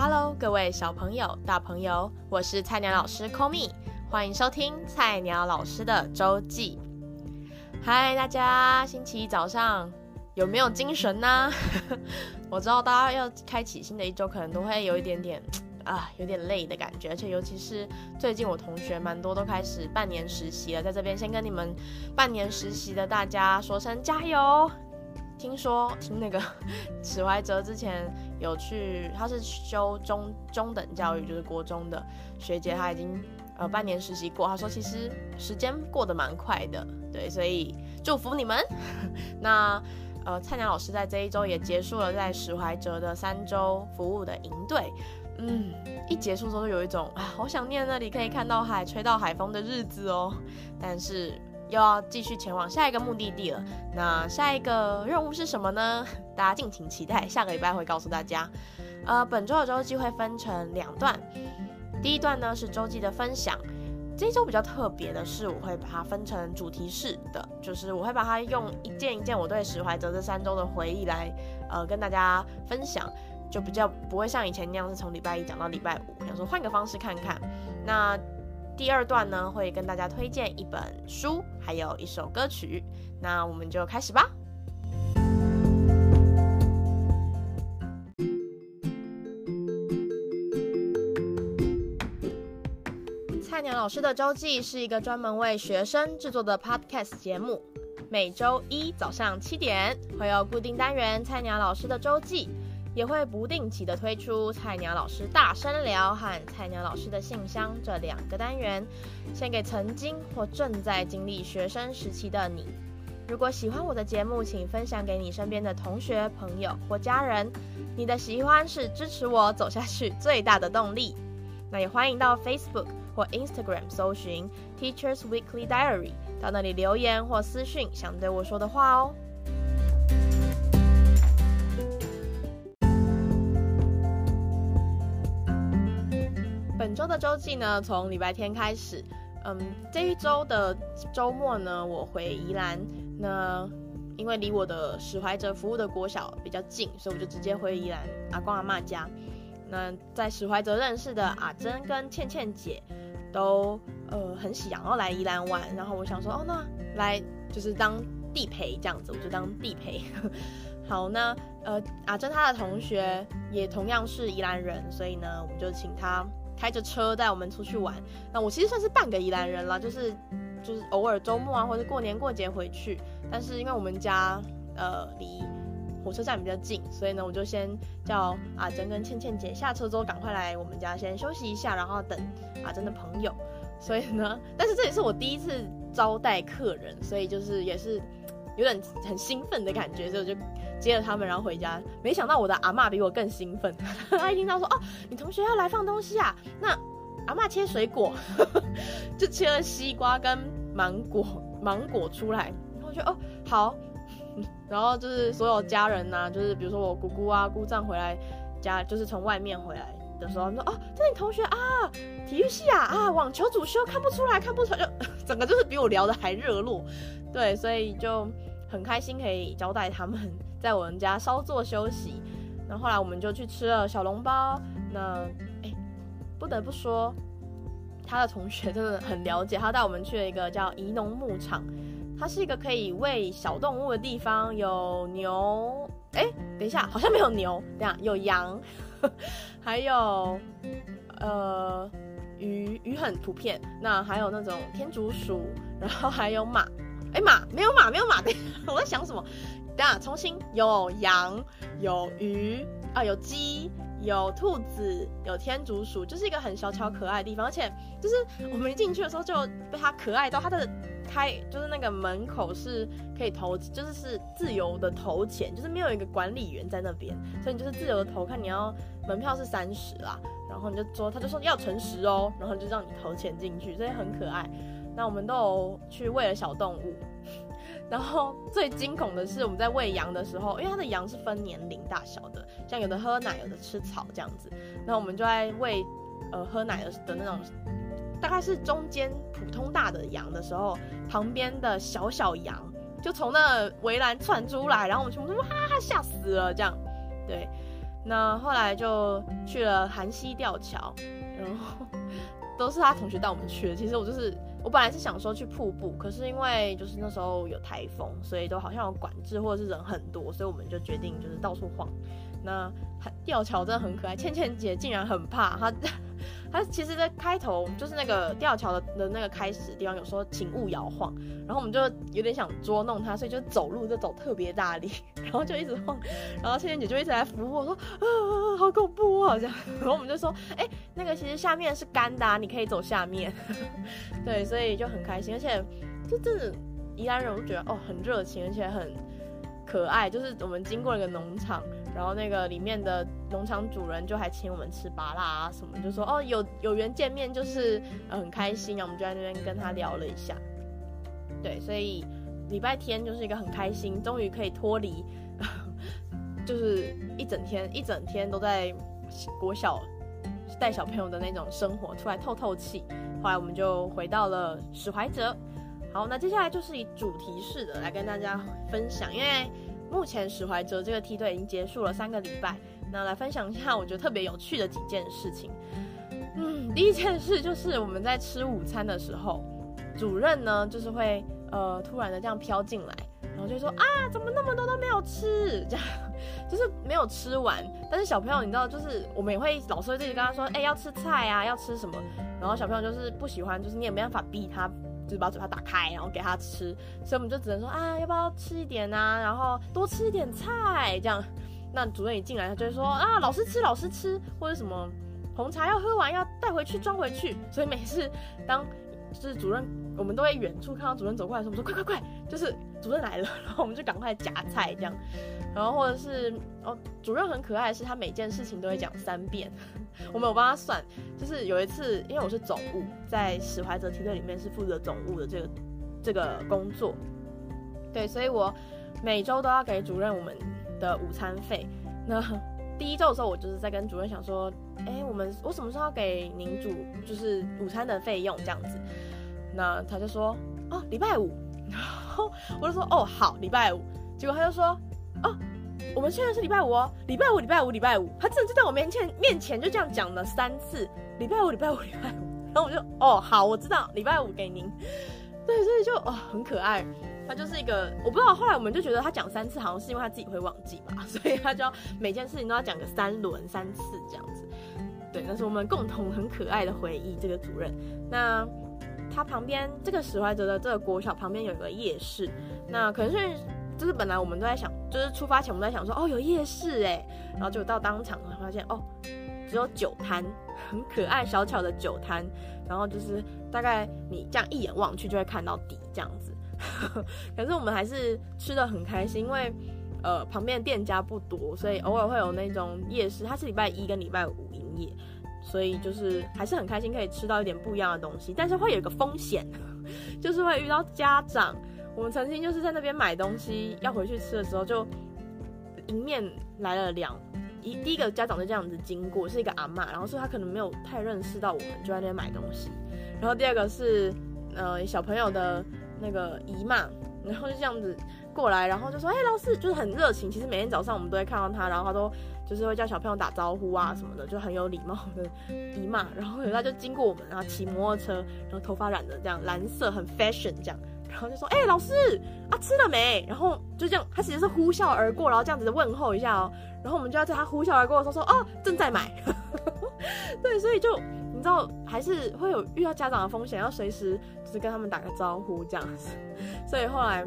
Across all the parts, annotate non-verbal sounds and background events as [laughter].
Hello，各位小朋友、大朋友，我是菜鳥老師 Komi，歡迎收聽菜鳥老師的週記。Hi，大家，星期一早上有沒有精神呢？ [laughs] 我知道大家要開啟新的一週，可能都會有一點點啊，有點累的感覺，而且尤其是最近我同學蠻多都開始半年實習了，在這邊先跟你們半年實習的大家說聲加油。聽說聽那個史懷哲之前，有去，他是修中中等教育，就是國中的學姐，他已經呃半年實習過。他說其實時間過得蠻快的，對，所以祝福你們。 [laughs] 那呃，蔡娘老師在這一週也結束了在史懷哲的三週服務的營隊，嗯，一結束都有一種啊好想念那裡可以看到海、吹到海風的日子哦，但是。又要繼續前往下一個目的地了。那下一個任務是什麼呢？大家敬請期待，下個禮拜會告訴大家。呃，本周的周記會分成兩段，第一段呢是周記的分享。這一周比較特別的是，我會把它分成主題式的，就是我會把它用一件一件我對史懷哲這三周的回憶來呃跟大家分享，就比較不會像以前那樣是從禮拜一講到禮拜五，想說換個方式看看。那第二段呢會跟大家推薦一本書。還有一首歌曲，那我們就開始吧。菜鳥老師的周記是一個專門為學生制作的 podcast 節目，每周一早上七點會有固定單元。菜鳥老師的周記。也會不定期的推出“菜鳥老師大聲聊”和“菜鳥老師的信箱”這兩個單元，獻給曾經或正在經歷學生時期的你。如果喜歡我的節目，請分享給你身邊的同學、朋友或家人。你的喜歡是支持我走下去最大的動力。那也歡迎到 Facebook 或 Instagram 搜尋 “Teacher's Weekly Diary”，到那裡留言或私訊想對我說的話哦。本週的週記呢，從禮拜天開始。嗯，這一週的周末呢，我回宜蘭。那因為離我的史懷哲服務的國小比較近，所以我就直接回宜蘭阿公阿媽家。那在史懷哲認識的阿珍跟倩倩姐都呃很想要來宜蘭玩，然後我想說哦，那來就是當地陪這樣子，我就當地陪。 [laughs] 好，那呃阿珍她的同學也同樣是宜蘭人，所以呢，我們就請她。開着車帶我們出去玩，那我其實算是半個宜蘭人啦，就是就是偶爾周末啊或者過年過節回去，但是因為我們家呃離火車站比較近，所以呢，我就先叫阿珍、啊、跟倩倩姐下車之後趕快來我們家先休息一下，然後等阿珍、啊、的朋友，所以呢，但是這也是我第一次招待客人，所以就是也是有點很興奮的感覺，所以我就。接了他們，然後回家，沒想到我的阿嬤比我更興奮。她一聽到說哦，你同學要來放東西啊，那阿嬤切水果呵呵，就切了西瓜跟芒果，芒果出來，然後就哦好，然後就是所有家人吶、啊，就是比如說我姑姑啊姑丈回來家，就是從外面回來的時候，他們說哦，這是你同學啊，體育系啊啊，網球主修，看不出來，看不出來，就整個就是比我聊的還熱絡，對，所以就很開心可以招待他們。在我們家稍作休息，然後，後來我們就去吃了小籠包。那哎，不得不說，他的同學真的很了解。他帶我們去了一個叫宜農牧場，它是一個可以餵小動物的地方，有牛。哎，等一下，好像沒有牛。等一下，有羊，呵還有呃魚，魚很普遍。那還有那種天竺鼠，然後還有馬。哎，馬沒有馬，沒有馬，等一下，我在想什麼？啊，重新有羊有魚啊，有雞有兔子有天竺鼠，就是一個很小巧可愛的地方，而且就是我們一進去的時候就被它可愛到他，它的開就是那個門口是可以投，就是是自由的投錢，就是沒有一個管理員在那邊，所以你就是自由的投。看你要門票是三十啦，然後你就說，他就說要誠實哦、喔，然後就讓你投錢進去，所以很可愛。那我們都有去餵了小動物。然後最驚恐的是，我們在餵羊的時候，因為它的羊是分年齡大小的，像有的喝奶，有的吃草這樣子。然後我們就在餵，呃，喝奶的的那種，大概是中間普通大的羊的時候，旁邊的小小羊就從那圍欄竄出來，然後我們全部都哇嚇死了這樣。對，那後來就去了韓西吊橋，然後都是他同學帶我們去的。其實我就是。我本來是想說去瀑布，可是因為就是那時候有颱風，所以都好像有管制或者是人很多，所以我們就決定就是到處晃。那吊橋真的很可愛，倩倩姐竟然很怕她。 [laughs] 他其實在開頭就是那個吊橋的的那個開始的地方，有說請勿搖晃，然後我們就有點想捉弄他，所以就走路就走特別大力，然後就一直晃，然後茜茜姐就一直來扶我說，啊，好恐怖，啊，這樣，然後我們就說，哎，欸，那個其實下面是乾的，啊，你可以走下面，對，所以就很開心，而且就真的宜蘭人，我覺得哦，很熱情，而且很可愛，就是我們經過了一個農場。然後那個裡面的農場主人就還請我們吃芭樂啊什麼，就說哦，有有緣見面就是，呃、很開心啊，我們就在那邊跟他聊了一下，對，所以禮拜天就是一個很開心，終於可以脫離，就是一整天一整天都在國小帶小朋友的那種生活，出來透透氣。後來我們就回到了史懷哲，好，那接下來就是以主題式的來跟大家分享，因為。目前史懷哲這個梯隊已經結束了三個禮拜，那來分享一下我覺得特別有趣的幾件事情。嗯，第一件事就是我們在吃午餐的時候，主任呢就是會呃突然的這樣飄進來，然後就說啊怎麼那麼多都沒有吃，這樣就是沒有吃完。但是小朋友你知道就是我們也會老是會自己跟他說，哎、欸、要吃菜啊要吃什麼，然後小朋友就是不喜歡，就是你也沒辦法逼他，就是把嘴巴打開，然後給他吃，所以我們就只能說啊，要不要吃一點啊？然後多吃一點菜，這樣。那主任一進來，他就會說啊，老師吃，老師吃，或者什麼紅茶要喝完，要帶回去裝回去。所以每次當，就是主任，我們都在遠處看到主任走過來的時候，我們說快快快，就是主任來了，然後我們就趕快夾菜這樣，然後或者是哦，主任很可愛，是他每件事情都會講三遍，我沒有幫他算。就是有一次因為我是總務，在史懷哲梯隊裡面是負責總務的這個這個工作，對，所以我每週都要給主任我們的午餐費，那第一週的時候我就是在跟主任想說，哎、欸，我們我什麼時候要給您煮就是午餐的費用這樣子？那他就說哦，禮拜五。然 [laughs] 後我就說哦，好，禮拜五。結果他就說哦，我們現在是禮拜五哦，禮拜五，禮拜五，禮拜五。他真的就在我面前面前就這樣講了三次，禮拜五，禮拜五，禮拜五。然後我就哦，好，我知道禮拜五給您。 [laughs] 對，所以就哦，很可愛。他就是一個，我不知道後來我們就覺得他講三次好像是因為他自己會忘記吧，所以他就要每件事情都要講個三輪三次這樣子。那是我們共同很可愛的回憶。這個主任，那他旁邊這個史懷哲的這個國小旁邊有一個夜市。那可是就是本來我們都在想，就是出發前我們都在想說，哦，有夜市哎，然後就到當場發現，哦，只有酒攤，很可愛小巧的酒攤。然後就是大概你這樣一眼望去就會看到底這樣子。 [laughs] 可是我們還是吃的很開心，因為呃旁邊店家不多，所以偶爾會有那種夜市。它是禮拜一跟禮拜五。所以就是還是很開心可以吃到一點不一樣的東西，但是會有一個風險，就是會遇到家長。我們曾經就是在那邊買東西要回去吃的時候，就迎面來了兩一第一個家長就這樣子經過，是一個阿嬤，然後所以他可能沒有太認識到我們就在那邊買東西。然後第二個是呃小朋友的那個姨媽，然後就這樣子過來，然後就說：“哎、欸，老師就是很熱情。”其實每天早上我們都會看到他，然後他都。就是會叫小朋友打招呼啊什麼的，就很有禮貌的姨媽。然後有她就經過我們，然後騎摩托車，然後頭髮染得這樣藍色，很 fashion 這樣。然後就說：“哎、欸，老師啊，吃了沒？”然後就這樣，他其實是呼嘯而過，然後這樣子的問候一下哦。然後我們就要對他呼嘯而過說說：“哦，正在買。 [laughs] ”對，所以就你知道還是會有遇到家長的風險，要隨時就是跟他們打個招呼這樣子。所以後來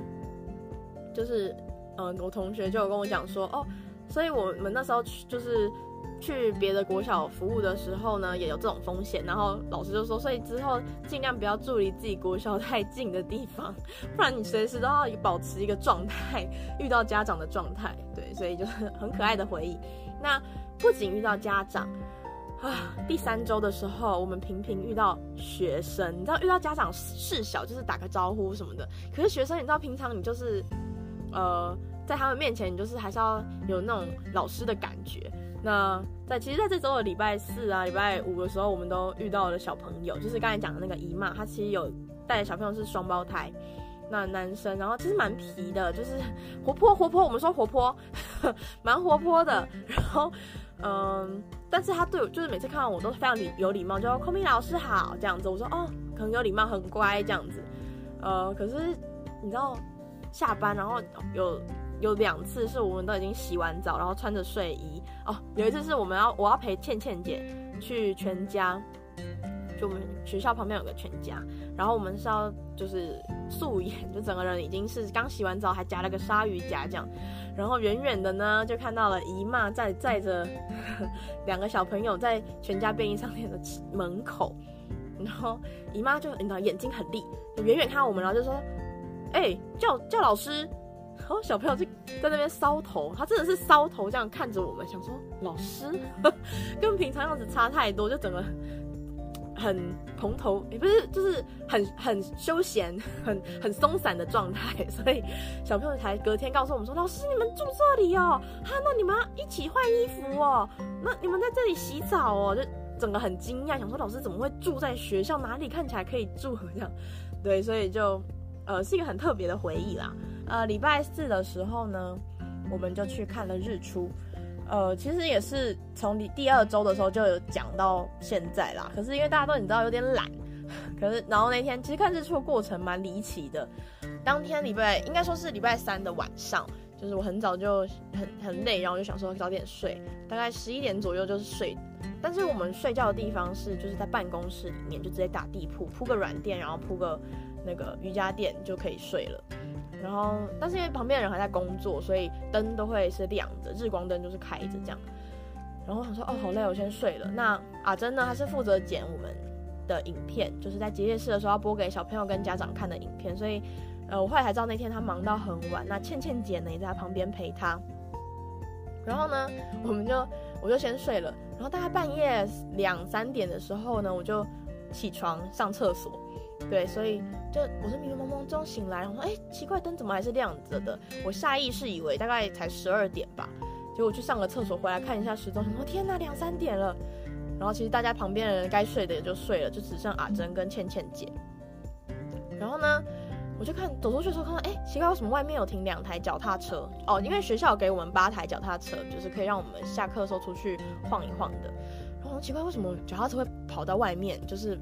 就是嗯、呃，我同學就有跟我講說：“哦。”所以我們那時候去就是去別的國小服務的時候呢，也有這種風險。然後老師就說，所以之後盡量不要住離自己國小太近的地方，不然你隨時都要保持一個狀態，遇到家長的狀態。對，所以就是很可愛的回憶。那不僅遇到家長啊，第三週的時候我們頻頻遇到學生。你知道遇到家長事小，就是打個招呼什麼的。可是學生，你知道平常你就是呃。在他們面前，你就是還是要有那種老師的感覺。那在其實，在這週的禮拜四啊、禮拜五的時候，我們都遇到了小朋友，就是剛才講的那個姨媽，她其實有帶著小朋友是雙胞胎，那男生，然後其實蠻皮的，就是活潑活潑，我們說活潑，蠻 [laughs] 活潑的。然後，嗯，但是他對我，就是每次看到我都是非常禮有禮貌，就說“空明老師好”這樣子。我說哦，很、oh, 有禮貌，很乖這樣子。呃、嗯，可是你知道下班然後有。有兩次是我們都已經洗完澡，然後穿着睡衣哦。有一次是我們要我要陪倩倩姐去全家，就我們學校旁邊有個全家，然後我們是要就是素顏，就整個人已經是剛洗完澡，還夾了個鯊魚夾這樣。然後遠遠的呢，就看到了姨媽在載着呵呵兩個小朋友在全家便利商店的門口，然後姨媽就你知道眼睛很利，遠遠看我們，然後就說：“哎、欸，叫叫老師。”然、哦、後小朋友就在那邊搔頭，他真的是搔頭這樣看着我們，想說老師 [laughs] 跟平常樣子差太多，就整個很蓬頭，也、欸、不是就是很很休閒、很很鬆散的狀態，所以小朋友才隔天告訴我們說，老師你們住這裡哦，哈，那你們要一起換衣服哦，那你們在這裡洗澡哦，就整個很驚訝，想說老師怎麼會住在學校？哪裡看起來可以住這樣？對，所以就呃是一個很特別的回憶啦。呃，禮拜四的時候呢，我們就去看了日出。呃，其實也是從第第二週的時候就有講到現在啦。可是因為大家都你知道有點懶，可是然後那天其實看日出的過程蠻離奇的。當天禮拜應該說是禮拜三的晚上，就是我很早就很很累，然後就想說早點睡，大概十一點左右就是睡。但是我們睡覺的地方是就是在辦公室裡面，就直接打地鋪，鋪個軟墊，然後鋪個那個瑜伽墊就可以睡了。然後，但是因為旁邊的人還在工作，所以燈都會是亮着，日光燈就是開着這樣。然後我想說：“哦，好累，我先睡了。那”那阿珍呢？他是負責剪我們的影片，就是在結業式的時候要播給小朋友跟家長看的影片。所以，呃，我後來才知道那天他忙到很晚。那倩倩姐呢也在他旁邊陪他。然後呢，我們就我就先睡了。然後大概半夜兩三點的時候呢，我就起床上廁所。對，所以就我是迷迷蒙蒙中醒來，我說哎，奇怪，燈怎麼還是亮着的？我下意識以為大概才十二點吧，結果去上了廁所，回來看一下時鐘，什麼、哦、說天哪，兩三點了。然後其實大家旁邊的人該睡的也就睡了，就只剩阿珍跟倩倩姐。然後呢，我就看走出去的時候看到，哎，奇怪，為什麼外面有停兩台腳踏車？哦，因為學校給我們八台腳踏車，就是可以讓我們下課的時候出去晃一晃的。然後很奇怪，為什麼腳踏車會跑到外面？就是。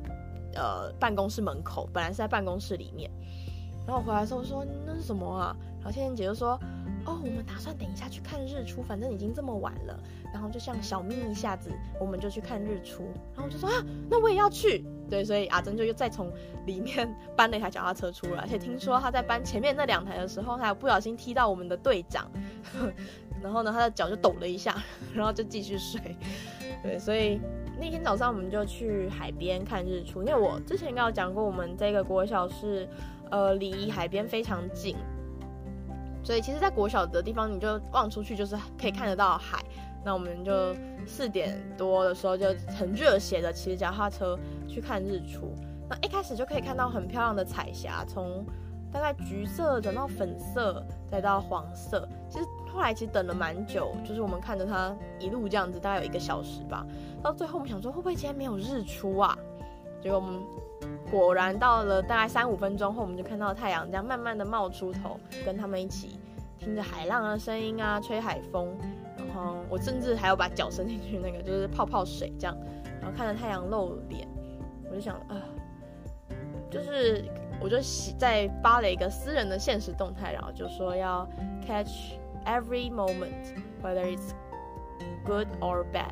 呃，辦公室門口本來是在辦公室裡面，然後我回來的時候說，那是什麼啊？然後倩倩姐就說，哦，我們打算等一下去看日出，反正已經這麼晚了，然後就像小咪一下子我們就去看日出，然後我就說啊，那我也要去。對，所以阿珍就又再從裡面搬了一台腳踏車出來，而且聽說她在搬前面那兩台的時候，她有不小心踢到我們的隊長，然後呢，她的腳就抖了一下，然後就繼續睡。對，所以。那天早上我們就去海邊看日出，因為我之前跟我講過，我們這個國小是呃離海邊非常近，所以其實，在國小的地方，你就望出去就是可以看得到海。那我們就四點多的時候就很熱血的騎著腳踏車去看日出，那一開始就可以看到很漂亮的彩霞，從大概橘色轉到粉色，再到黃色。其實後來其實等了蠻久，就是我們看着它一路這樣子，大概有一個小時吧。到最後我們想說會不會今天沒有日出啊？結果我們果然到了大概三五分鐘後，我們就看到太陽這樣慢慢的冒出頭，跟他們一起聽着海浪的聲音啊，吹海風，然後我甚至還有把腳伸進去那個就是泡泡水這樣，然後看着太陽露臉，我就想啊。呃就是，我就在發了一個私人的現實動態，然後就說要 catch every moment，whether it's good or bad，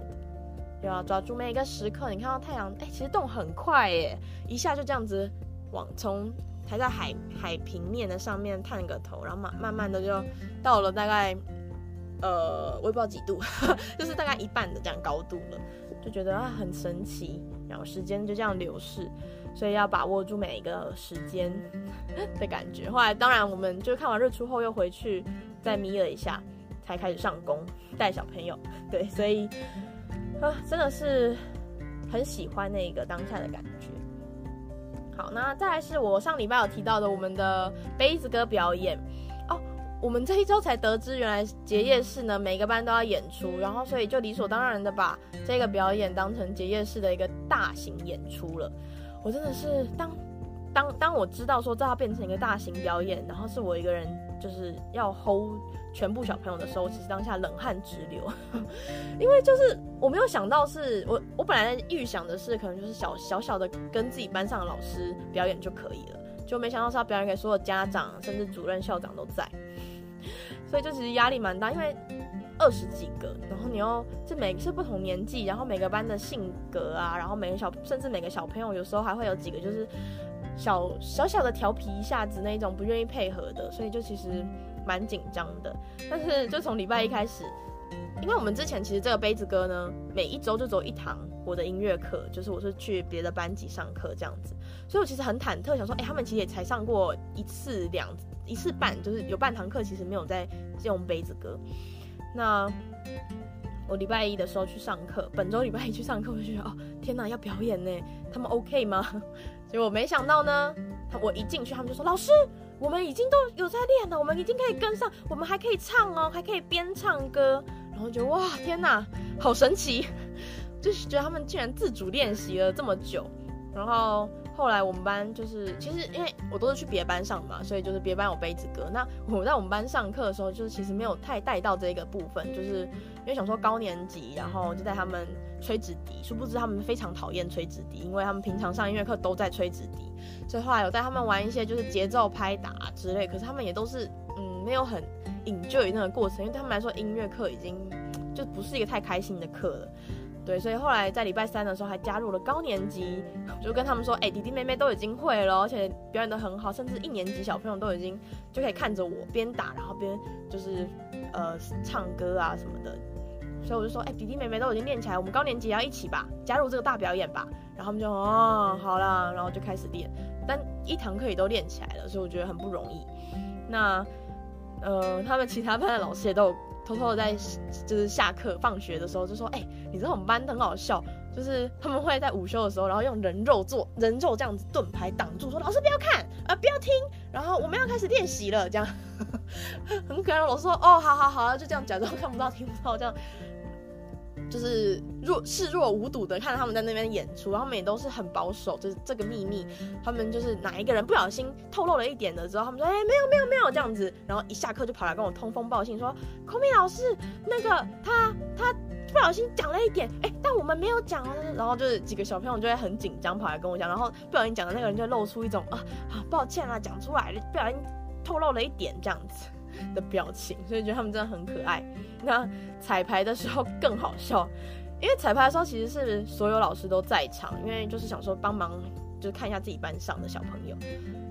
就要、啊、抓住每一個時刻。你看到太陽，哎、欸，其實動很快，耶，一下就這樣子往從還在海海平面的上面探個頭，然後慢慢慢的就到了大概呃我也不知道幾度， [laughs] 就是大概一半的這樣高度了，就覺得啊很神奇，然後時間就這樣流逝。所以要把握住每一個時間的感覺。後來，當然，我們就看完日出後又回去再眯了一下，才開始上工帶小朋友。對，所以真的是很喜歡那個當下的感覺。好，那再來是我上禮拜有提到的我們的杯子歌表演哦。我們這一周才得知，原來結業式呢，每個班都要演出，然後所以就理所當然的把這個表演當成結業式的一個大型演出了。我真的是當當當我知道說這要變成一個大型表演，然後是我一個人就是要 hold 全部小朋友的時候，我其實當下冷汗直流， [laughs] 因為就是我沒有想到是我，我本來預想的是可能就是小小小的跟自己班上的老師表演就可以了，就沒想到是要表演給所有家長甚至主任校長都在，所以就其實壓力蠻大，因為，二十幾個，然後你要，是每是不同年紀，然後每個班的性格啊，然後每個小，甚至每個小朋友，有時候還會有幾個就是小小小的調皮一下子那種不願意配合的，所以就其實蠻緊張的。但是就從禮拜一開始，因為我們之前其實這個杯子歌呢，每一周就只有一堂我的音樂課，就是我是去別的班級上課這樣子，所以我其實很忐忑，想說，哎、欸，他們其實也才上過一次兩一次半，就是有半堂課其實沒有在用杯子歌。那我禮拜一的時候去上課，本周禮拜一去上課，我就覺得哦天吶，要表演呢，他們 OK 嗎？所以我沒想到呢，他我一進去他們就說老師，我們已經都有在練了，我們已經可以跟上，我們還可以唱哦，還可以邊唱歌，然後覺得哇天吶，好神奇，就是覺得他們竟然自主練習了這麼久，然後。後來我們班就是，其實因為我都是去別班上嘛，所以就是別班有杯子歌。那我在我們班上課的時候，就是其實沒有太帶到這個部分，就是因為想說高年級，然後就帶他們吹直笛。殊不知他們非常討厭吹直笛，因為他們平常上音樂課都在吹直笛。所以後來有帶他們玩一些就是節奏拍打之類，可是他們也都是嗯沒有很享受那個過程，因為對他們來說音樂課已經就不是一個太開心的課了。對，所以後來在禮拜三的時候還加入了高年級，就跟他們說，哎、欸，弟弟妹妹都已經會了，而且表演得很好，甚至一年級小朋友都已經就可以看着我邊打然後邊就是，呃，唱歌啊什麼的。所以我就說，哎、欸，弟弟妹妹都已經練起來，我們高年級也要一起吧，加入這個大表演吧。然後他們就哦，好啦，然後就開始練，但一堂課也都練起來了，所以我覺得很不容易。那，呃，他們其他班的老師也都有。偷偷的在，就是下課放學的時候就說：“哎、欸，你知道我們班得很好笑，就是他們會在午休的時候，然後用人肉做人肉這樣子盾牌擋住，說老師不要看，啊、呃、不要聽，然後我們要開始練習了。”這樣 [laughs] 很可愛的。老師說：“哦，好好好、啊，就這樣假裝看不到聽不到這樣。”就是若視若無睹，的看着他們在那邊演出，他們也都是很保守，就是這個秘密，他們就是哪一個人不小心透露了一點的時候，他們說哎、欸、沒有沒有沒有這樣子，然後一下課就跑來跟我通風報信說，孔敏老師那個他他不小心講了一點，哎、欸、但我們沒有講、哦，然後就是幾個小朋友就會很緊張跑來跟我講，然後不小心講的那個人就露出一種啊啊抱歉啊講出來了不小心透露了一點這樣子。的表情，所以覺得他們真的很可愛。那彩排的時候更好笑，因為彩排的時候其實是所有老師都在場，因為就是想說幫忙，就是看一下自己班上的小朋友。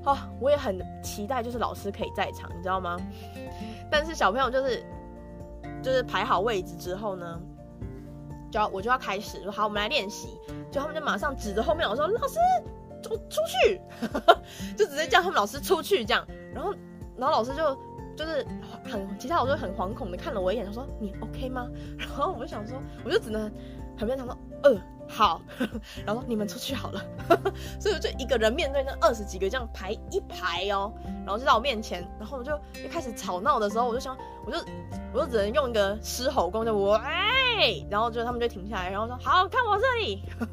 啊，oh，我也很期待，就是老師可以在場，你知道嗎？但是小朋友就是，就是排好位置之後呢，就要我就要開始說好，我們來練習。就他們就馬上指着後面我說老師出出去， [laughs] 就直接叫他們老師出去這樣。然後，然後老師就。就是很，其他老師很惶恐的看了我一眼，他說：“你 OK 嗎？”然後我就想說，我就只能很勉強他說：“嗯、呃，好。呵呵”然後說：“你們出去好了。呵呵”所以我就一個人面對那二十幾個這樣排一排哦，然後就在我面前。然後我就一開始吵鬧的時候，我就想，我就我就只能用一個獅吼功，就我哎！然後就他們就停下來，然後說：“好，看我這裡。呵呵”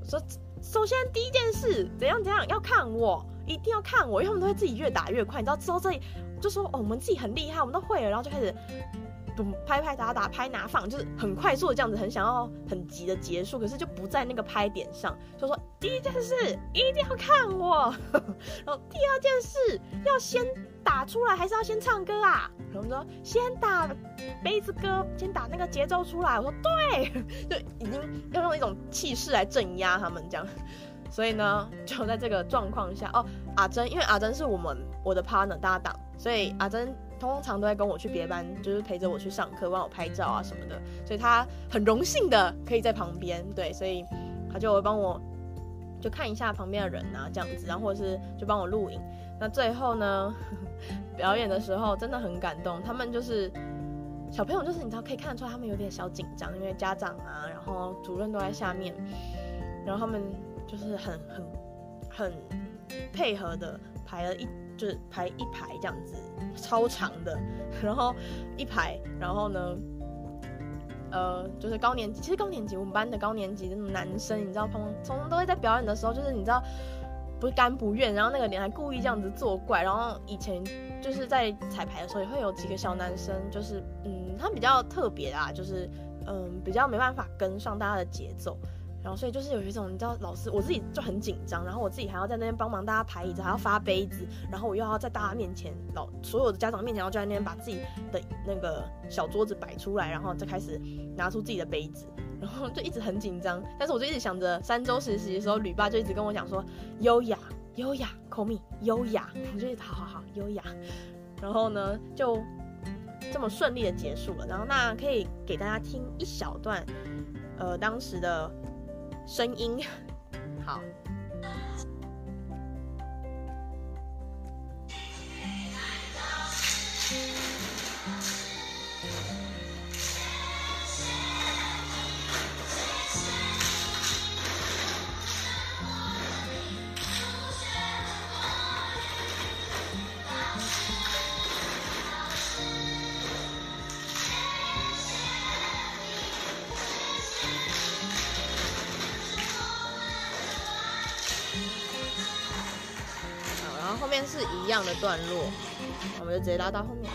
我說：“首先第一件事怎樣怎樣，要看我，一定要看我，因為他們都會自己越打越快，你知道，之後這裡。”就說哦，我們自己很厲害，我們都會了，然後就開始拍拍打打拍拿放，就是很快速的這樣子，很想要很急的結束，可是就不在那個拍點上。就說第一件事一定要看我， [laughs] 然後第二件事要先打出來，還是要先唱歌啊？然後我們說先打杯子歌，先打那個節奏出來。我說對， [laughs] 就已經要用一種氣勢來鎮壓他們這樣。所以呢，就在這個狀況下哦，阿珍，因為阿珍是我們我的 partner 搭檔，所以阿珍通常都在跟我去別班，就是陪着我去上課，幫我拍照啊什麼的，所以他很榮幸的可以在旁邊，對，所以他就會幫我，我就看一下旁邊的人啊這樣子，然後或者是就幫我錄影。那最後呢，表演的時候真的很感動，他們就是小朋友，就是你知道可以看得出來他們有點小緊張，因為家長啊，然後主任都在下面，然後他們。就是很很很配合的排了一就是排一排這樣子超長的，然後一排，然後呢，呃，就是高年級，其實高年級我們班的高年級的男生，你知道，通通通通都會在表演的時候，就是你知道，不甘不願，然後那個臉還故意這樣子作怪，然後以前就是在彩排的時候也會有幾個小男生，就是嗯，他們比較特別啊，就是嗯，比較沒辦法跟上大家的節奏。然後，所以就是有一種，你知道，老師我自己就很緊張，然後我自己還要在那邊幫忙，大家排椅子，還要發杯子，然後我又要在大家面前，老所有的家長面前，要在那邊把自己的那個小桌子擺出來，然後就開始拿出自己的杯子，然後就一直很緊張。但是我就一直想着，三週實習的時候，呂爸就一直跟我講說，優雅，優雅，call me，優雅。我就一直好好好，優雅。然後呢，就這麼順利的結束了。然後那可以給大家聽一小段，呃，當時的。聲音好。我們就直接拉到後面。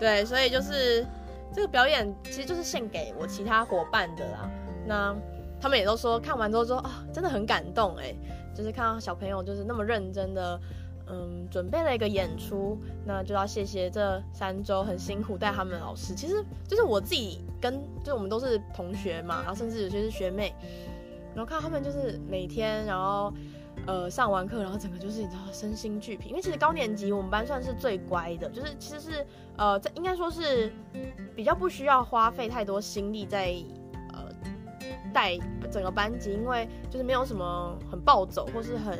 對，所以就是這個表演，其實就是獻給我其他夥伴的啦。那他們也都說看完之後說啊，真的很感動哎、欸，就是看到小朋友就是那麼認真的。嗯，準備了一個演出，那就要謝謝這三周很辛苦帶他們的老師。其實就是我自己跟，就是我們都是同學嘛，然後甚至有些是學妹，然後看他們就是每天，然後呃上完課，然後整個就是你知道身心俱疲。因為其實高年級我們班算是最乖的，就是其實是呃這應該說是比較不需要花費太多心力在呃帶整個班級，因為就是沒有什麼很暴走或是很，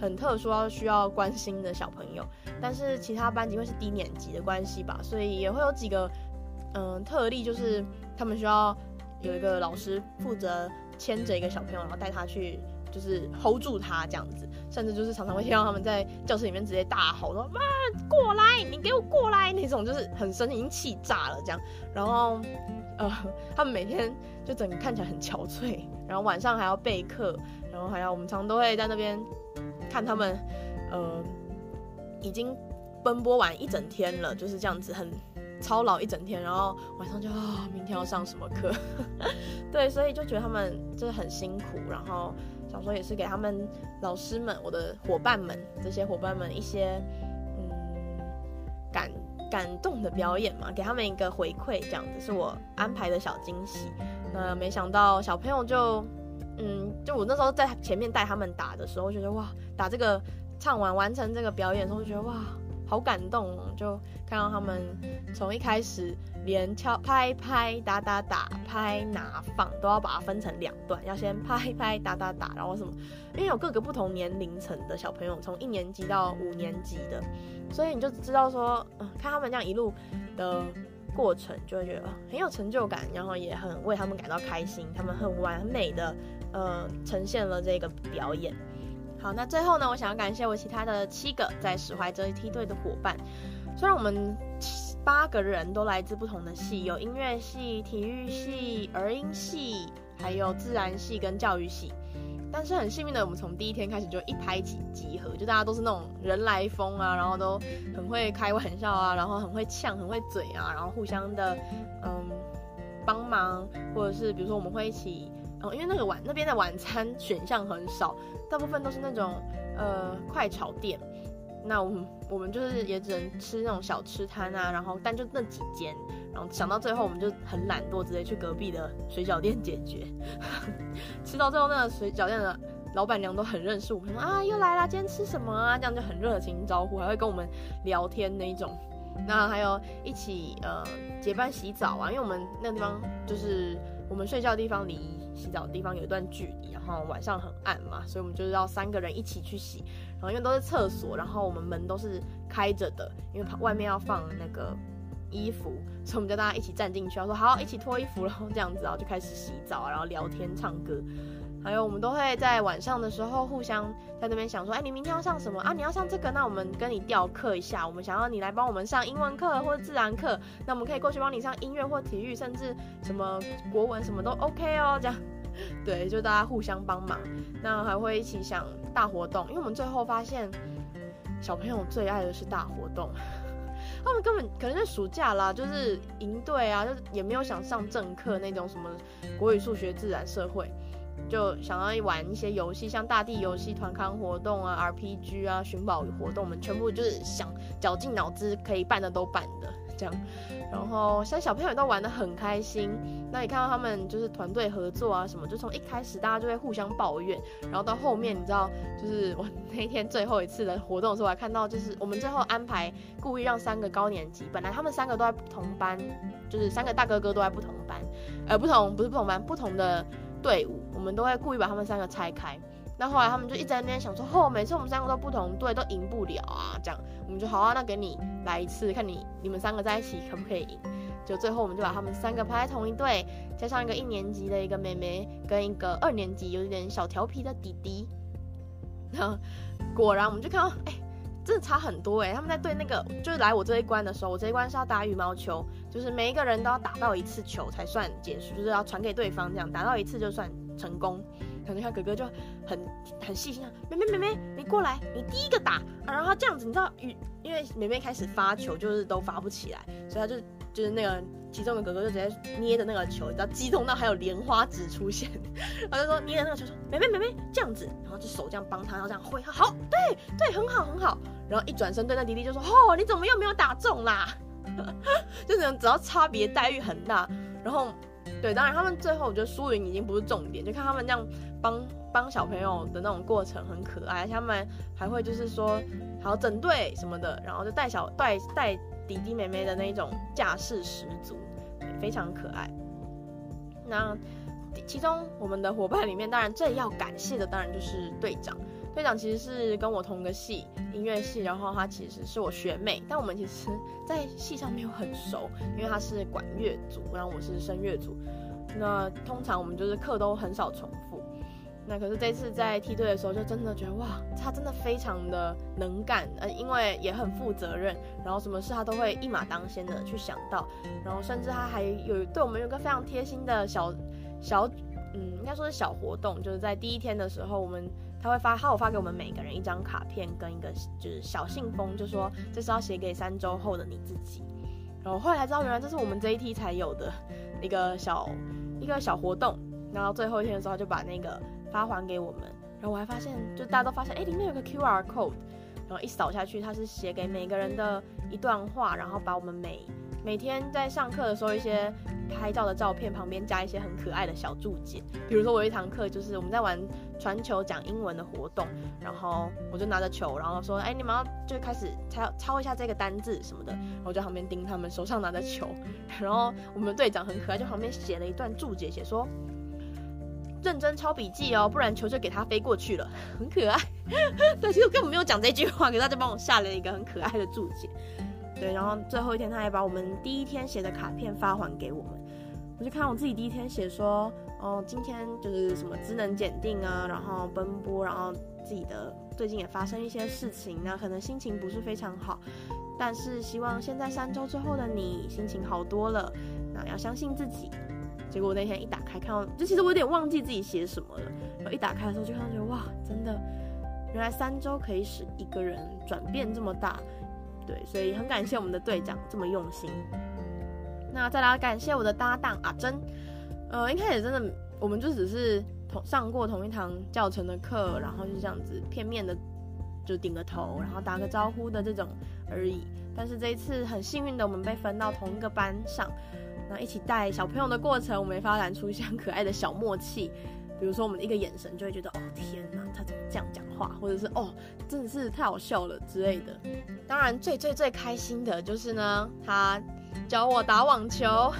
很特殊要需要關心的小朋友，但是其他班級會是低年級的關係吧，所以也會有幾個，嗯、呃，特例就是他們需要有一個老師負責牽着一個小朋友，然後帶他去，就是 hold 住他這樣子，甚至就是常常會聽到他們在教室裡面直接大吼說：“媽、啊，過來，你給我過來！”那種就是很生氣，已經氣炸了這樣，然後，呃，他們每天就整個看起來很憔悴，然後晚上還要備課，然後還要我們常都會在那邊。看他們，呃，已經奔波完一整天了，就是這樣子，很操勞一整天，然後晚上就啊、哦，明天要上什麼課， [laughs] 對，所以就覺得他們這很辛苦，然後想說也是給他們老師們、我的夥伴們這些夥伴們一些嗯感感動的表演嘛，給他們一個回饋，這樣子是我安排的小驚喜。那沒想到小朋友就。嗯，就我那時候在前面帶他們打的時候，我覺得哇，打這個唱完完成這個表演的時候，我覺得哇，好感動哦，就看到他們從一開始連敲拍拍打打打拍拿放都要把它分成兩段，要先拍拍打打打，然後什麼，因為有各個不同年齡層的小朋友，從一年級到五年級的，所以你就知道說，嗯，呃，看他們這樣一路的過程，就會覺得，呃，很有成就感，然後也很為他們感到開心，他們很完美的。呃，呈現了這個表演。好，那最後呢，我想要感謝我其他的七個在史懷哲梯隊的夥伴。雖然我們八個人都來自不同的系，有音樂系、體育系、兒音系，還有自然系跟教育系，但是很幸運的，我們從第一天開始就一拍起集合，就大家都是那種人來瘋啊，然後都很會開玩笑啊，然後很會嗆，很會嘴啊，然後互相的嗯幫忙，或者是比如說我們會一起。哦，因為那個晚那邊的晚餐選項很少，大部分都是那種呃快炒店。那我們我們就是也只能吃那種小吃攤啊，然後但就那幾間。然後想到最後，我們就很懶惰，直接去隔壁的水餃店解決。 [laughs] 吃到最後，那個水餃店的老闆娘都很認識我們，說啊又來啦，今天吃什麼啊？這樣就很熱情招呼，還會跟我們聊天那一種。那還有一起呃結伴洗澡啊，因為我們那個地方就是我們睡覺的地方離。洗澡的地方有一段距離，然後晚上很暗嘛，所以我們就是要三個人一起去洗。然後因為都是廁所，然後我們門都是開着的，因為外面要放那個衣服，所以我們叫大家一起站進去，要說好，一起脫衣服，然後這樣子，然後就開始洗澡，然後聊天唱歌。還、哎、有，我們都會在晚上的時候互相在那邊想說：“哎、欸，你明天要上什麼啊？你要上這個，那我們跟你調課一下。我們想要你來幫我們上英文課或者自然課，那我們可以過去幫你上音樂或體育，甚至什麼國文什麼都 OK 哦。這樣，對，就大家互相幫忙。那還會一起想大活動，因為我們最後發現小朋友最愛的是大活動， [laughs] 他們根本可能是暑假啦，就是營隊啊，就是、也沒有想上正課那種什麼國語、數學、自然、社會。”就想要玩一些遊戲，像大地遊戲、團康活動啊、RPG 啊、尋寶活動，我們全部就是想絞盡腦汁，可以辦的都辦的這樣。然後，現在小朋友都玩得很開心。那你看到他們就是團隊合作啊什麼，就從一開始大家就會互相抱怨，然後到後面，你知道，就是我那天最後一次的活動的時候，還看到就是我們最後安排故意讓三個高年級，本來他們三個都在不同班，就是三個大哥哥都在不同班，呃，不同，不是不同班，不同的。隊伍，我們都會故意把他們三個拆開。那後來他們就一直在那邊想說，哦，每次我們三個都不同隊，都贏不了啊。這樣，我們就好啊，那給你來一次，看你你們三個在一起可不可以贏。就最後我們就把他們三個排在同一隊，加上一個一年級的一個妹妹跟一個二年級有點小調皮的弟弟。然後果然我們就看到，哎、欸。真的差很多哎、欸！他們在對那個，就是來我這一關的時候，我這一關是要打羽毛球，就是每一個人都要打到一次球才算結束，就是要傳給對方這樣，打到一次就算成功。可能他哥哥就很很細心，妹妹妹妹，你過來，你第一個打啊！然後這樣子，你知道羽，因為妹妹開始發球就是都發不起來，所以他就就是那個。其中的哥哥就直接捏着那個球，然後激動到還有蓮花指出現，然 [laughs] 後就說捏着那個球說，妹妹妹妹這樣子，然後就手這樣幫他，然後這樣揮，好，對對，很好很好。然後一轉身對那弟弟就說哦，你怎麼又沒有打中啦？ [laughs] 就是只要差別待遇很大。然後，對，當然他們最後我覺得輸贏已經不是重點，就看他們這樣幫幫小朋友的那種過程很可愛，他們還會就是說好整隊什麼的，然後就帶小帶帶。弟弟妹妹的那種架勢十足，非常可愛。那其中我們的夥伴裡面，當然最要感謝的當然就是隊長。隊長其實是跟我同個系，音樂系，然後他其實是我學妹，但我們其實，在系上沒有很熟，因為他是管樂組，然後我是聲樂組。那通常我們就是課都很少重複。那可是這次在梯隊的時候，就真的覺得哇，他真的非常的能幹，呃，因為也很負責任，然後什麼事他都會一馬當先的去想到，然後甚至他還有對我們有一個非常貼心的小小，嗯，應該說是小活動，就是在第一天的時候，我們他會發他有發給我們每個人一張卡片跟一個就是小信封，就說這是要寫給三周後的你自己，然後後來才知道原來這是我們這一期才有的一個小一個小活動，然後最後一天的時候他就把那個。發還給我們，然後我還發現，就大家都發現，哎、欸，裡面有個 QR code，然後一掃下去，它是寫給每個人的一段話，然後把我們每每天在上課的時候一些拍照的照片旁邊加一些很可愛的小注解，比如說我有一堂課就是我們在玩傳球講英文的活動，然後我就拿着球，然後說，哎、欸，你們要就開始抄抄一下這個單字什麼的，然後我在旁邊盯他們手上拿着球，然後我們隊長很可愛，就旁邊寫了一段注解，寫說。認真抄筆記哦，不然球就給他飛過去了，很可愛。但其實根本沒有講這句話，給大家幫我下了一個很可愛的注解。對，然後最後一天，他還把我們第一天寫的卡片發還給我們。我就看我自己第一天寫說，哦，今天就是什麼職能鑑定啊，然後奔波，然後自己的最近也發生一些事情，那可能心情不是非常好，但是希望現在三週之後的你心情好多了，那要相信自己。結果那天一打開，看到，就其實我有點忘記自己寫什麼了。然後一打開的時候就，就看到，覺得哇，真的，原來三周可以使一個人轉變這麼大，對，所以很感謝我們的隊長這麼用心。那再來感謝我的搭檔阿珍、啊，呃，應該也真的，我們就只是同上過同一堂教程的課，然後就這樣子片面的就頂個頭，然後打個招呼的這種而已。但是這一次很幸運的，我們被分到同一個班上。那一起帶小朋友的過程，我們也發展出一些可愛的小默契。比如說，我們一個眼神就會覺得，哦天哪，他怎麼這樣講話？或者是，哦，真的是太好笑了之類的。嗯、當然，最最最開心的就是呢，他教我打網球，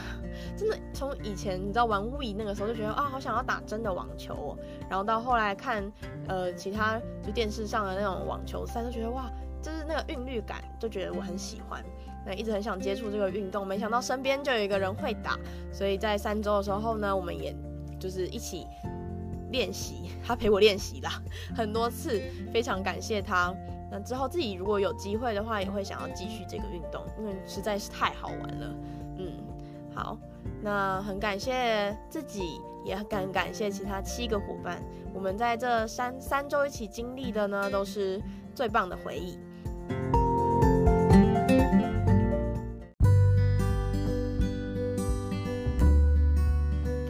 真的從以前你知道玩 Wii 那個時候就覺得啊、哦，好想要打真的網球。哦。然後到後來看，呃，其他就電視上的那種網球賽，就覺得哇，就是那個韻律感，就覺得我很喜歡。那一直很想接觸這個運動，沒想到身邊就有一個人會打，所以在三周的時候呢，我們也就是一起練習，他陪我練習了很多次，非常感謝他。那之後自己如果有機會的話，也會想要繼續這個運動，因為實在是太好玩了。嗯，好，那很感謝自己，也很感謝其他七個夥伴，我們在這三三周一起經歷的呢，都是最棒的回憶。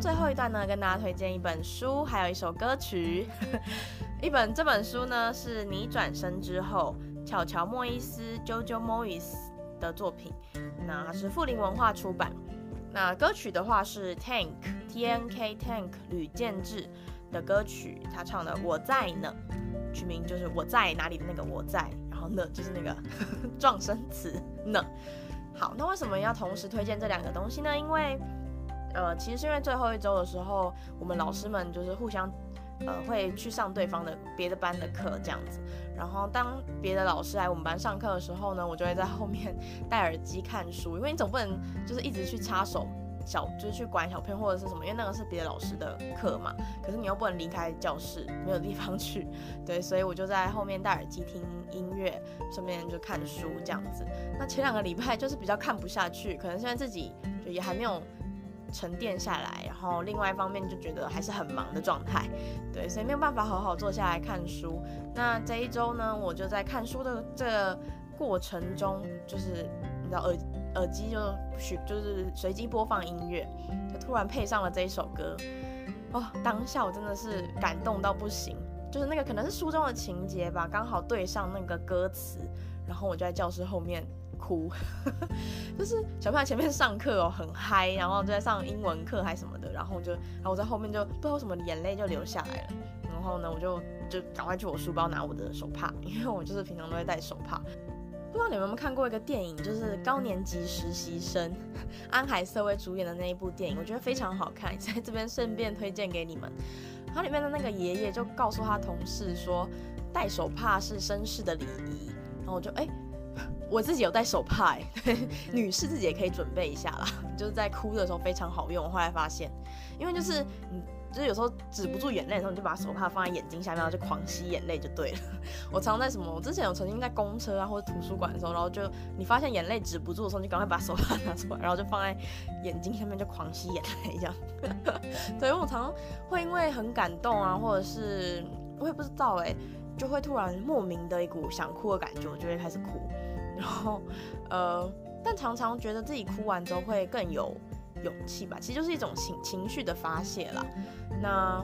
最後一段呢，跟大家推薦一本書，還有一首歌曲。 [laughs] 一本這本書呢是你轉身之後，喬喬莫伊斯 （Jojo m o i s 的作品，那是富林文化出版。那歌曲的話是 Tank（T N K Tank） 呂建志的歌曲，他唱的《我在呢》，取名就是我在哪裡的那個我在，然後呢就是那個壯聲詞呢。好，那為什麼要同時推薦這兩個東西呢？因為。呃，其實是因為最後一周的時候，我們老師們就是互相，呃，會去上對方的別的班的課這樣子。然後當別的老師來我們班上課的時候呢，我就會在後面戴耳機看書，因為你總不能就是一直去插手小，就是去管小朋友或者是什麼，因為那個是別的老師的課嘛。可是你又不能離開教室，沒有地方去，對，所以我就在後面戴耳機聽音樂，順便就看書這樣子。那前兩個禮拜就是比較看不下去，可能現在自己就也還沒有。沉澱下來，然後另外一方面就覺得還是很忙的狀態，對，所以沒有辦法好好坐下來看書。那這一周呢，我就在看書的這個過程中，就是你知道耳耳機就隨就是隨機播放音樂，就突然配上了這一首歌，哦，當下我真的是感動到不行，就是那個可能是書中的情節吧，剛好對上那個歌詞，然後我就在教室後面。哭， [laughs] 就是小朋友前面上課哦，很嗨，然後就在上英文課還什麼的，然後就，然後我在後面就不知道什麼眼淚就流下來了，然後呢，我就就趕快去我書包拿我的手帕，因為我就是平常都會帶手帕。不知道你們有沒有看過一個電影，就是高年級實習生安海瑟薇主演的那一部電影，我覺得非常好看，在這邊順便推薦給你們。他裡面的那個爺爺就告訴他同事說，帶手帕是紳士的禮儀，然後我就哎。欸我自己有戴手帕，欸，對，女士自己也可以準備一下啦。就是在哭的時候非常好用。我後來發現，因為就是你就是有時候止不住眼淚的時候，你就把手帕放在眼睛下面，然後就狂吸眼淚就對了。我常常在什麼，我之前有曾經在公車啊或者圖書館的時候，然後就你發現眼淚止不住的時候，你就趕快把手帕拿出來，然後就放在眼睛下面就狂吸眼淚一樣。對，因為我常常會因為很感動啊，或者是我也不知道哎、欸，就會突然莫名的一股想哭的感覺，我就會開始哭。然後，呃，但常常覺得自己哭完之後會更有勇氣吧，其實就是一種情情緒的發洩啦。那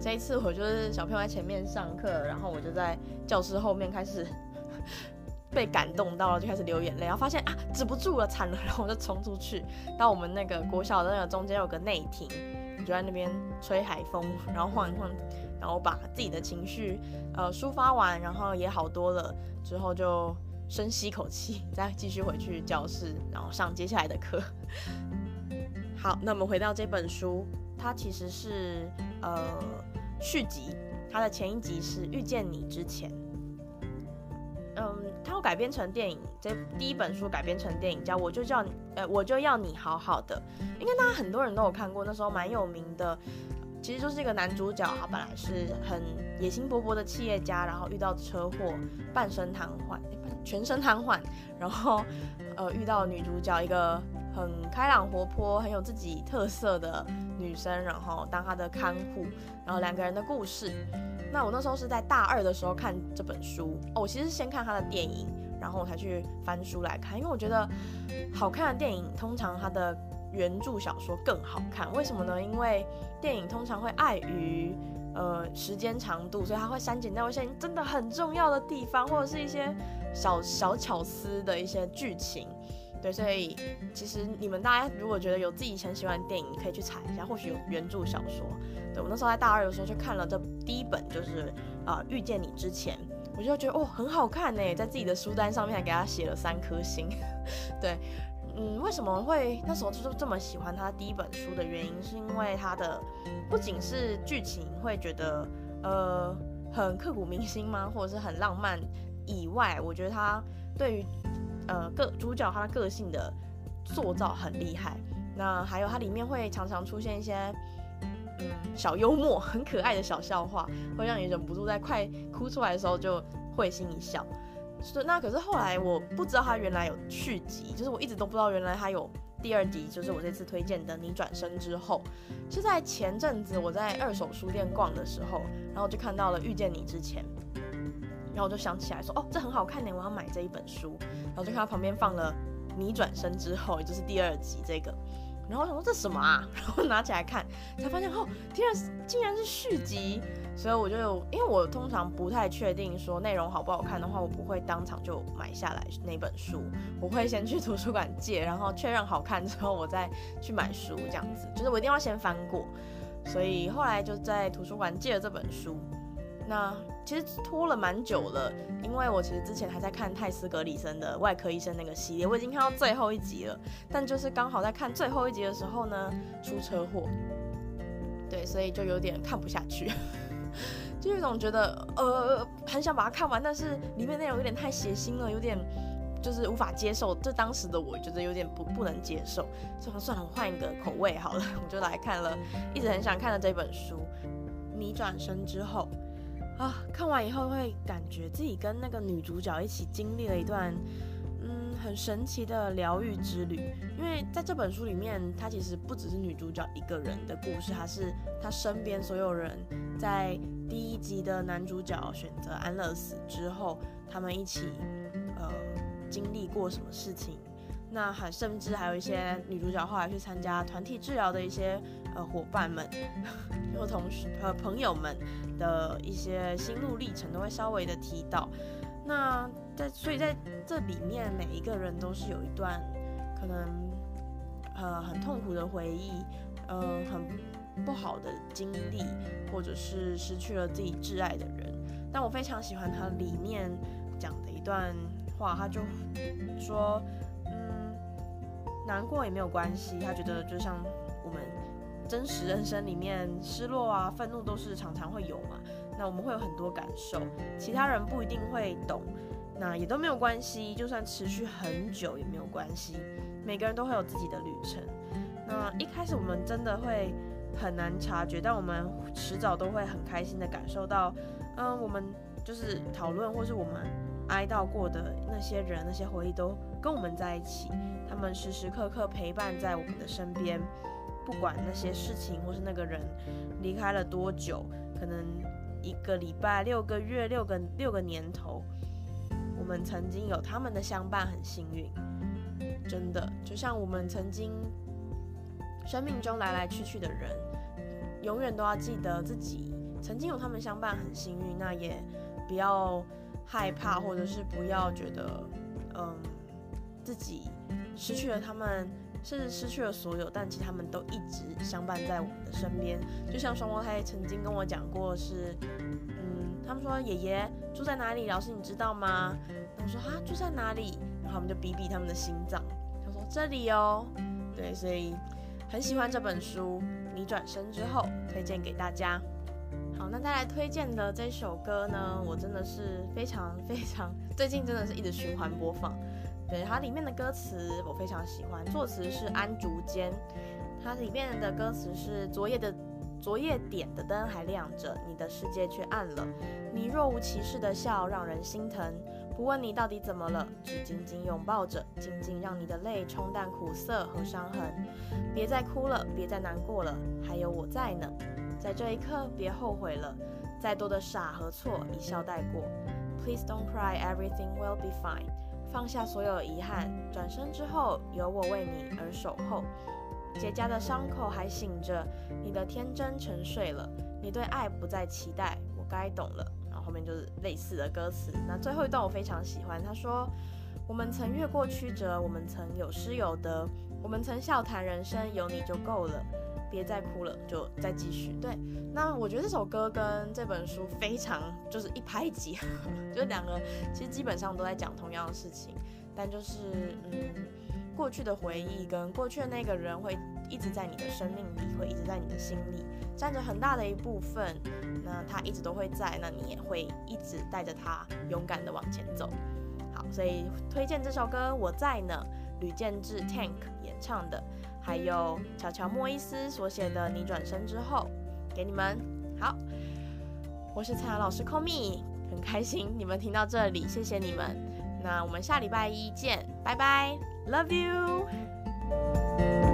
這一次我就是小朋友在前面上課，然後我就在教室後面開始呵呵被感動到了，就開始流眼淚，然後發現啊止不住了，慘了，然後我就衝出去到我們那個國小的那個中間有個內庭，就在那邊吹海風，然後晃一晃，然後把自己的情緒呃抒發完，然後也好多了，之後就。深吸一口氣，再繼續回去教室，然後上接下來的課。好，那我們回到這本書，它其實是呃續集，它的前一集是遇見你之前。嗯，它會改編成電影，這第一本書改編成電影叫我就叫你呃我就要你好好的，因為大家很多人都有看過，那時候蠻有名的。其實就是一個男主角，他本來是很野心勃勃的企業家，然後遇到車禍，半身癱瘓。全身癱瘓，然後，呃，遇到女主角一個很開朗活潑、很有自己特色的女生，然後當她的看護，然後兩個人的故事。那我那時候是在大二的時候看這本書，哦，我其實先看她的電影，然後我才去翻書來看，因為我覺得好看的電影通常它的原著小說更好看，為什麼呢？因為電影通常會礙於呃時間長度，所以它會刪減掉一些真的很重要的地方，或者是一些。小小巧思的一些劇情，對，所以其實你們大家如果覺得有自己很喜歡的電影，可以去查一下，或許有原著小說。對，我那時候在大二的時候就看了這第一本，就是啊、呃、遇見你之前，我就覺得哦很好看呢、欸，在自己的書單上面還給他寫了三顆星。對，嗯，為什麼會那時候就是這麼喜歡他第一本書的原因，是因為他的不僅是劇情會覺得呃很刻骨銘心嗎，或者是很浪漫？以外，我覺得他對於，呃，個主角他的個性的塑造很厲害。那還有它裡面會常常出現一些，嗯，小幽默，很可愛的小笑話，會讓你忍不住在快哭出來的時候就會心一笑。是，那可是後來我不知道他原來有續集，就是我一直都不知道原來他有第二集，就是我這次推薦的《你轉身之後》，是在前陣子我在二手書店逛的時候，然後就看到了《遇見你之前》。然後我就想起來說，哦，這很好看呢，我要買這一本書。然後就看到旁邊放了《你轉身之後》，也就是第二集這個。然後我想說這什麼啊？然後拿起來看，才發現哦，竟然竟然是續集。所以我就因為我通常不太確定說內容好不好看的話，我不會當場就買下來那本書，我會先去圖書館借，然後確認好看之後我再去買書這樣子。就是我一定要先翻過。所以後來就在圖書館借了這本書。那。其實拖了蠻久了，因為我其實之前還在看泰斯·格里森的《外科醫生》那個系列，我已經看到最後一集了。但就是剛好在看最後一集的時候呢，出車禍，對，所以就有點看不下去， [laughs] 就有種覺得呃很想把它看完，但是裡面內容有點太血腥了，有點就是無法接受，就當時的我覺得有點不不能接受，算了算了，我換一個口味好了，我就來看了，一直很想看的這本書，《你轉身之後》。啊、哦，看完以後會感覺自己跟那個女主角一起經歷了一段，嗯，很神奇的療癒之旅。因為在這本書裡面，它其實不只是女主角一個人的故事，它是她身邊所有人在第一集的男主角選擇安樂死之後，他們一起，呃，經歷過什麼事情。那還甚至還有一些女主角後來去參加團體治療的一些呃夥伴們，和同學、和、呃、朋友們的一些心路歷程都會稍微的提到。那在所以在這裡面，每一個人都是有一段可能呃很痛苦的回憶，嗯、呃，很不好的經歷，或者是失去了自己摯愛的人。但我非常喜歡他裡面講的一段話，他就說。難過也沒有關係，他覺得就像我們真實人生裡面失落啊、憤怒都是常常會有嘛。那我們會有很多感受，其他人不一定會懂，那也都沒有關係。就算持續很久也沒有關係，每個人都會有自己的旅程。那一開始我們真的會很難察覺，但我們遲早都會很開心地感受到，嗯，我們就是討論或是我們哀悼過的那些人、那些回憶都，跟我們在一起，他們時時刻刻陪伴在我們的身邊，不管那些事情或是那個人離開了多久，可能一個禮拜、六個月、六個、六個年頭，我們曾經有他們的相伴，很幸運，真的就像我們曾經生命中來來去去的人，永遠都要記得自己曾經有他們相伴，很幸運。那也不要害怕，或者是不要覺得嗯。自己失去了他們，甚至失去了所有，但其實他們都一直相伴在我們的身邊。就像雙胞胎曾經跟我講過，是，嗯，他們說爺爺住在哪裡？老師你知道嗎？我說啊住在哪裡？然後他們就比比他們的心臟。他說這裡哦，對，所以很喜歡這本書，你轉身之後推薦給大家。好，那再來推薦的這首歌呢，我真的是非常非常，最近真的是一直循環播放。對，它裡面的歌詞我非常喜歡，作詞是安竹間。它裡面的歌詞是：昨夜的，昨夜點的燈還亮着，你的世界卻暗了。你若無其事的笑，讓人心疼，不問你到底怎麼了，只緊緊擁抱着，靜靜讓你的淚沖淡苦澀和傷痕。別再哭了，別再難過了，還有我在呢。在這一刻，別後悔了。再多的傻和錯，一笑帶過。Please don't cry, everything will be fine. 放下所有遺憾，轉身之後，有我為你而守候。結痂的傷口還醒着，你的天真沉睡了，你對愛不再期待，我該懂了。然後後面就是類似的歌詞。那最後一段我非常喜歡，他說：“我們曾越過曲折，我們曾有失有得，我們曾笑談人生，有你就夠了。”別再哭了，就再繼續。對，那我覺得這首歌跟這本書非常就是一拍即合， [laughs] 就兩個其實基本上都在講同樣的事情，但就是嗯，過去的回憶跟過去的那個人會一直在你的生命裡，會一直在你的心裡占着很大的一部分。那他一直都會在，那你也會一直帶着他勇敢的往前走。好，所以推薦這首歌，我在呢，呂建志 Tank 演唱的。還有喬喬莫伊斯所寫的《你轉身之後》，給你們。好，我是蔡老師 Komi，很開心你們聽到這裡，謝謝你們。那我們下禮拜一見，拜拜，Love you。